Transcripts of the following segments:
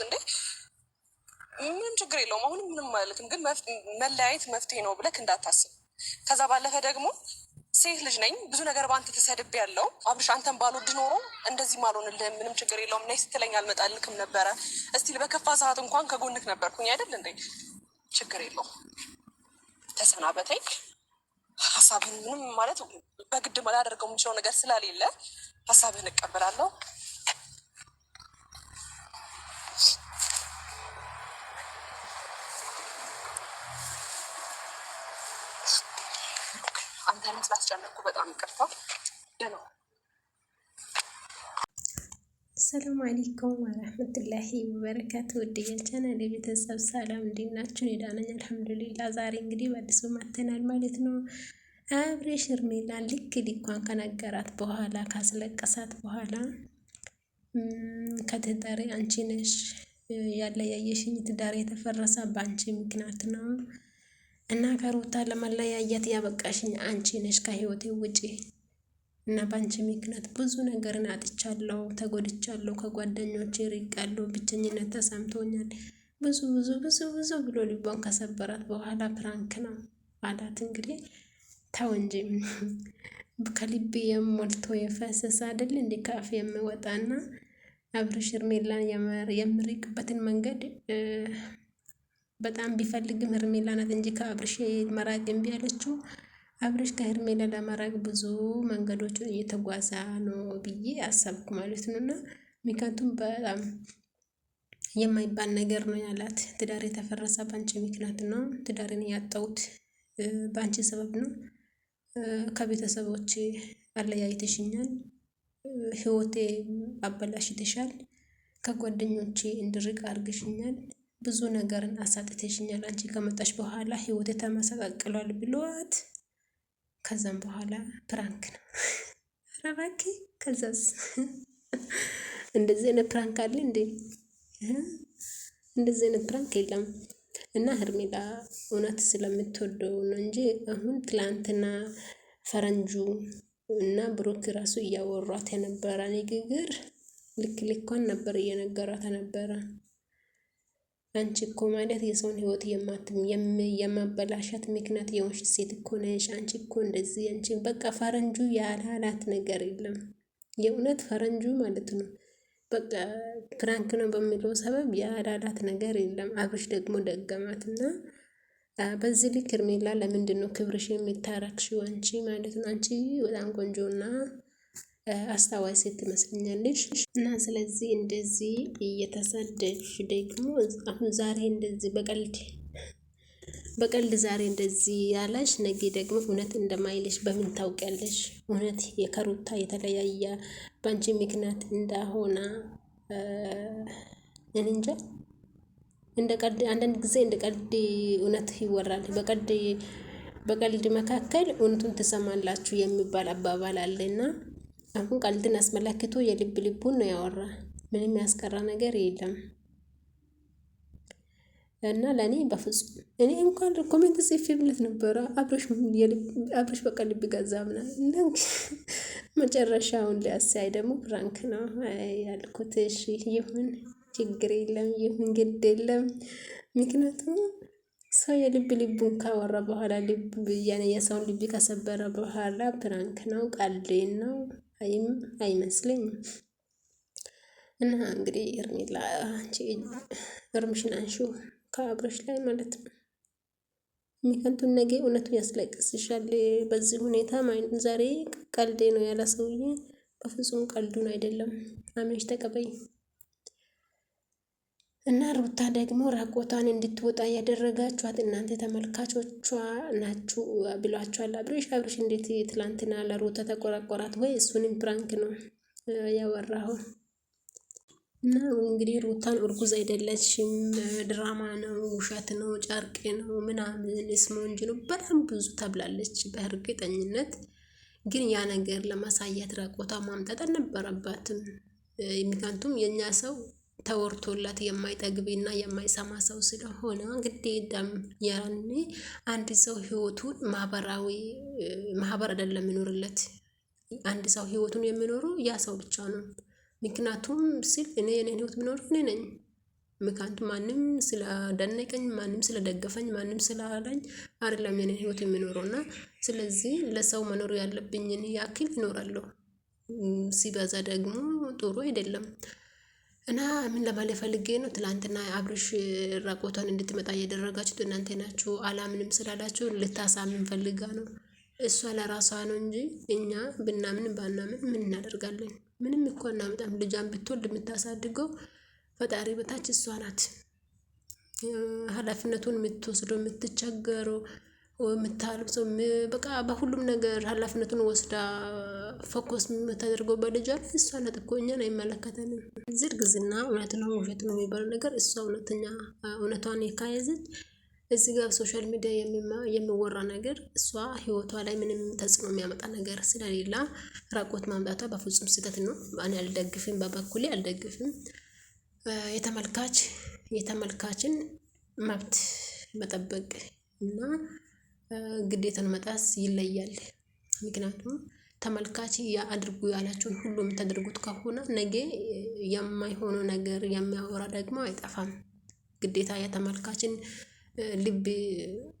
ያልኩት እንዴ ምን ችግር የለውም። አሁንም ምንም ማለትም ግን መለያየት መፍትሄ ነው ብለክ እንዳታስብ። ከዛ ባለፈ ደግሞ ሴት ልጅ ነኝ ብዙ ነገር በአንተ ተሰድቤ ያለው አብርሽ፣ አንተን ባልወድ ኖሮ እንደዚህ አልሆንልህም። ምንም ችግር የለውም ነይ ስትለኝ አልመጣልክም ነበረ። እስቲል በከፋ ሰዓት እንኳን ከጎንክ ነበርኩኝ አይደል እንዴ? ችግር የለውም ተሰናበተኝ። ሀሳብህን ምንም ማለት በግድ ላደርገው የምችለው ነገር ስለሌለ ሀሳብህን እቀበላለሁ። አንተንም ስላስጨነቅኩ በጣም ይቅርታ ነው። አሰላሙ አሌይኩም ወረህመቱላሂ ወበረካቱ። ውድ የቻናል የቤተሰብ ሰላም እንዴት ናችሁ? ኔዳነኝ አልሐምዱሊላ። ዛሬ እንግዲህ በአዲሱ መተናል ማለት ነው። አብሬሽ እርሜላ ልክ ሊኳን ከነገራት በኋላ ካስለቀሳት በኋላ ከትዳሬ አንቺ ነሽ ያለያየሽኝ፣ ትዳሬ የተፈረሰ በአንቺ ምክንያት ነው እና ከሩታ ለመለያየት ያበቃሽኝ አንቺ ነሽ፣ ከህይወቴ ውጪ እና በአንቺ ምክንያት ብዙ ነገርን አጥቻለሁ፣ ተጎድቻለሁ፣ ከጓደኞቼ ርቄያለሁ፣ ብቸኝነት ተሰምቶኛል ብዙ ብዙ ብዙ ብዙ ብሎ ልቧን ከሰበራት በኋላ ፕራንክ ነው አላት። እንግዲህ ተው እንጂ ከልቤ የሞልቶ የፈሰሰ አይደል እንዲ ከአፍ የሚወጣና አብርሽ ሄርሜላን የምርቅበትን መንገድ በጣም ቢፈልግም ሄርሜላ ናት እንጂ ከአብርሽ መራቅ እምቢ አለችው። አብርሽ ከሄርሜላ ለመራቅ ብዙ መንገዶችን እየተጓዛ ነው ብዬ አሰብኩ ማለት ነው። እና ምክንያቱም በጣም የማይባል ነገር ነው ያላት። ትዳር የተፈረሰ በአንቺ ምክንያት ነው፣ ትዳርን ያጣሁት በአንቺ ሰበብ ነው፣ ከቤተሰቦች አለያይተሽኛል፣ ህይወቴ አበላሽተሻል፣ ከጓደኞቼ እንድርቅ አድርገሽኛል ብዙ ነገርን አሳጥተሽኛል፣ አንቺ ከመጣሽ በኋላ ህይወት ተመሰቃቅሏል ብሏት፣ ከዛም በኋላ ፕራንክ ነው። ኧረ ከዛስ እንደዚህ አይነት ፕራንክ አለ እንዴ? እንደዚህ አይነት ፕራንክ የለም። እና ህርሜላ እውነት ስለምትወደው ነው እንጂ አሁን ትላንትና ፈረንጁ እና ብሩክ ራሱ እያወሯት የነበረ ንግግር ልክ ልኳን ነበር እየነገሯት ነበረ። አንቺ እኮ ማለት የሰውን ህይወት የማበላሻት ምክንያት የሆንሽ ሴት እኮ ነሽ። አንቺ እኮ እንደዚህ አንቺ በቃ ፈረንጁ ያላላት ነገር የለም። የእውነት ፈረንጁ ማለት ነው በቃ ፕራንክ ነው በሚለው ሰበብ ያላላት ነገር የለም። አብርሽ ደግሞ ደገማት እና በዚህ ልክ እርሜላ ለምንድን ነው ክብርሽ የሚታረክሽው? አንቺ ማለት ነው አንቺ በጣም ቆንጆና አስታዋይ ሴት ትመስለኛለች እና ስለዚህ እንደዚህ እየተሰደች ደግሞ አሁን ዛሬ እንደዚህ በቀልድ በቀልድ ዛሬ እንደዚህ ያለሽ ነገ ደግሞ እውነት እንደማይልሽ በምን ታውቂያለሽ? እውነት የከሩታ የተለያየ በአንቺ ምክንያት እንዳሆነ እንጃ። እንደ ቀልድ አንዳንድ ጊዜ እንደ ቀልድ እውነት ይወራል። በቀልድ በቀልድ መካከል እውነቱን ትሰማላችሁ የሚባል አባባል አለና አሁን ቀልድን አስመለክቶ የልብ ልቡን ነው ያወራ። ምንም ያስቀራ ነገር የለም። እና ለእኔ በፍጹም እኔ እንኳን ኮሜንት ጽፌለት ነበረ። አብረሽ በቃ ልብ ገዛ ምናምን መጨረሻውን ሊያስያይ ደግሞ ፕራንክ ነው ያልኩት። እሺ ይሁን ችግር የለም ይሁን ግድ የለም። ምክንያቱም ሰው የልብ ልቡን ካወራ በኋላ ልብ ያኔ የሰውን ልብ ከሰበረ በኋላ ፕራንክ ነው ቀልድ ነው አይም አይመስለኝም። እና እንግዲህ እርሜላ አንቺ እርምሽን አንሹ ከአብረሽ ላይ ማለት ነው። የሚከንቱን ነገ እውነቱ ያስለቅስሻል። በዚህ ሁኔታ ማይን ዛሬ ቀልዴ ነው ያለ ሰውዬ በፍጹም ቀልዱን አይደለም። አምነሽ ተቀበይ። እና ሩታ ደግሞ ራቆቷን እንድትወጣ እያደረጋችኋት እናንተ ተመልካቾቿ ናችሁ ብሏችኋል። አብሬሽ አብሬሽ እንዴት ትላንትና ለሩታ ተቆራቆራት ወይ? እሱንም ፕራንክ ነው ያወራው እና እንግዲህ ሩታን እርጉዝ አይደለችም፣ ድራማ ነው፣ ውሸት ነው፣ ጨርቅ ነው ምናምን ስሞንጅ ነው በጣም ብዙ ተብላለች። በእርግጠኝነት ግን ያ ነገር ለማሳየት ራቆቷ ማምጣት አልነበረባትም። ምክንያቱም የእኛ ሰው ተወርቶላት የማይጠግብና የማይሰማ ሰው ስለሆነ ግዴታም ያኔ አንድ ሰው ህይወቱን ማህበራዊ ማህበር አይደለም የሚኖርለት። አንድ ሰው ህይወቱን የሚኖሩ ያ ሰው ብቻ ነው። ምክንያቱም ሲል እኔ የኔን ህይወት ምኖር እኔ ነኝ። ምክንያቱም ማንም ስለደነቀኝ፣ ማንም ስለደገፈኝ፣ ማንም ስላለኝ አይደለም የኔን ህይወት የሚኖረው እና ስለዚህ ለሰው መኖር ያለብኝን ያክል ይኖራለሁ። ሲበዛ ደግሞ ጥሩ አይደለም። እና ምን ለማለት ፈልጌ ነው ትላንትና አብርሽ ራቆቷን እንድትመጣ እያደረጋችሁት እናንተ ናችሁ። አላምንም ስላላችሁ ልታሳምን ፈልጋ ነው። እሷ ለራሷ ነው እንጂ እኛ ብናምን ባናምን ምን እናደርጋለን? ምንም እኮ እናምጣም። ልጇን ብትወልድ የምታሳድገው ፈጣሪ በታች እሷ ናት። ኃላፊነቱን የምትወስደው የምትቸገረው የምታለብሰው በቃ በሁሉም ነገር ሀላፊነቱን ወስዳ ፎከስ የምታደርገው በልጇ ላይ እሷ ናት እኮ እኛን አይመለከተንም። ዝርግዝና እውነት ነው ውሸት ነው የሚባለው ነገር እሷ እውነተኛ እውነቷን የካያዘች እዚህ ጋር ሶሻል ሚዲያ የሚወራ ነገር እሷ ህይወቷ ላይ ምንም ተጽዕኖ የሚያመጣ ነገር ስለሌላ ራቆት ማምጣቷ በፍጹም ስህተት ነው። እኔ አልደግፍም፣ በበኩሌ አልደግፍም። የተመልካች የተመልካችን መብት መጠበቅ እና ግዴታን መጣስ ይለያል። ምክንያቱም ተመልካች አድርጉ ያላችሁን ሁሉ የምታደርጉት ከሆነ ነገ የማይሆኑ ነገር የሚያወራ ደግሞ አይጠፋም። ግዴታ የተመልካችን ልብ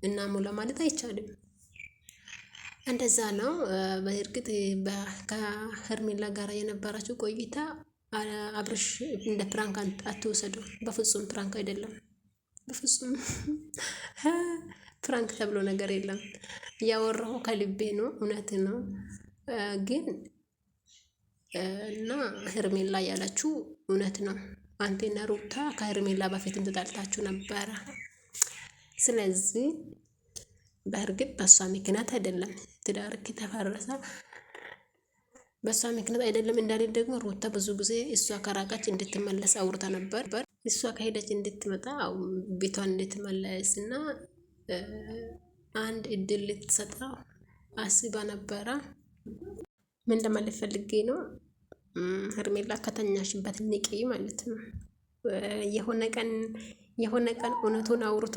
እናሙላ ማለት አይቻልም። እንደዛ ነው። በእርግጥ ከሄርሜላ ጋር የነበራችሁ ቆይታ አብርሽ እንደ ፕራንክ አትወሰዱ፣ በፍጹም ፕራንክ አይደለም በፍጹም ፍራንክ ተብሎ ነገር የለም። እያወራሁ ከልቤ ነው፣ እውነት ነው። ግን እና ሄርሜላ ያላችሁ እውነት ነው። አንቴና ሩታ ከሄርሜላ በፊትም ተጣልታችሁ ነበረ። ስለዚህ በእርግጥ በእሷ ምክንያት አይደለም ትዳርክ ተፈረሰ። በእሷ ምክንያት አይደለም እንዳልል ደግሞ ሩታ ብዙ ጊዜ እሷ ከራቀች እንድትመለስ አውርታ ነበር። እሷ ከሄደች እንድትመጣ ቤቷን እንድትመለስ እና አንድ እድል ልትሰጣ አስባ ነበረ። ምን ለማለት ፈልጌ ነው? ሄርሜላ ከተኛሽበት ንቂ ማለት ነው። የሆነ ቀን የሆነ ቀን እውነቱን አውርቶ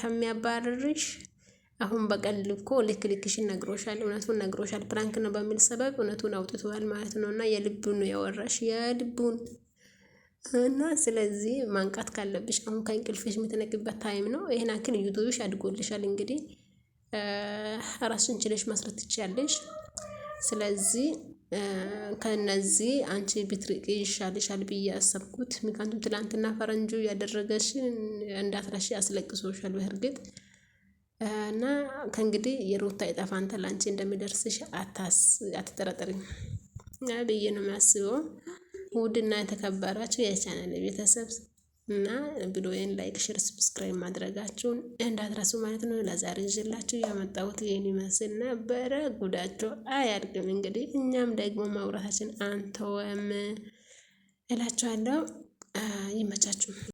ከሚያባርርሽ አሁን በቀል እኮ ልክ ልክሽን ነግሮሻል፣ እውነቱን ነግሮሻል። ፕራንክ ነው በሚል ሰበብ እውነቱን አውጥተዋል ማለት ነው። እና የልቡን ነው ያወራሽ የልቡን እና ስለዚህ ማንቃት ካለብሽ አሁን ከእንቅልፍሽ የምትነቅበት ታይም ነው። ይህን አክል ዩቱብሽ አድጎልሻል። እንግዲህ ራስሽን ችለሽ መስረት ትችያለሽ። ስለዚህ ከነዚህ አንቺ ብትርቂ ይሻልሻል ብዬ አሰብኩት። ምክንያቱም ትላንትና ፈረንጁ ያደረገሽ እንዳትረሺ አስለቅሶሻል በእርግጥ እና ከእንግዲህ የሩታ ዕጣ አንተ ላንቺ እንደሚደርስሽ አትጠራጠሪም ብዬ ነው የሚያስበው። ውድና የተከበራችሁ የቻናል ቤተሰብ እና ቪዲዮዬን ላይክ፣ ሽር፣ ሰብስክራይብ ማድረጋችሁን እንዳትረሱ ማለት ነው። ለዛሬ ይዤላችሁ ያመጣሁት ይህን ይመስል ነበረ። ጉዳቸው አያድግም። እንግዲህ እኛም ደግሞ ማውራታችን አንተወም እላችኋለሁ። ይመቻችሁ።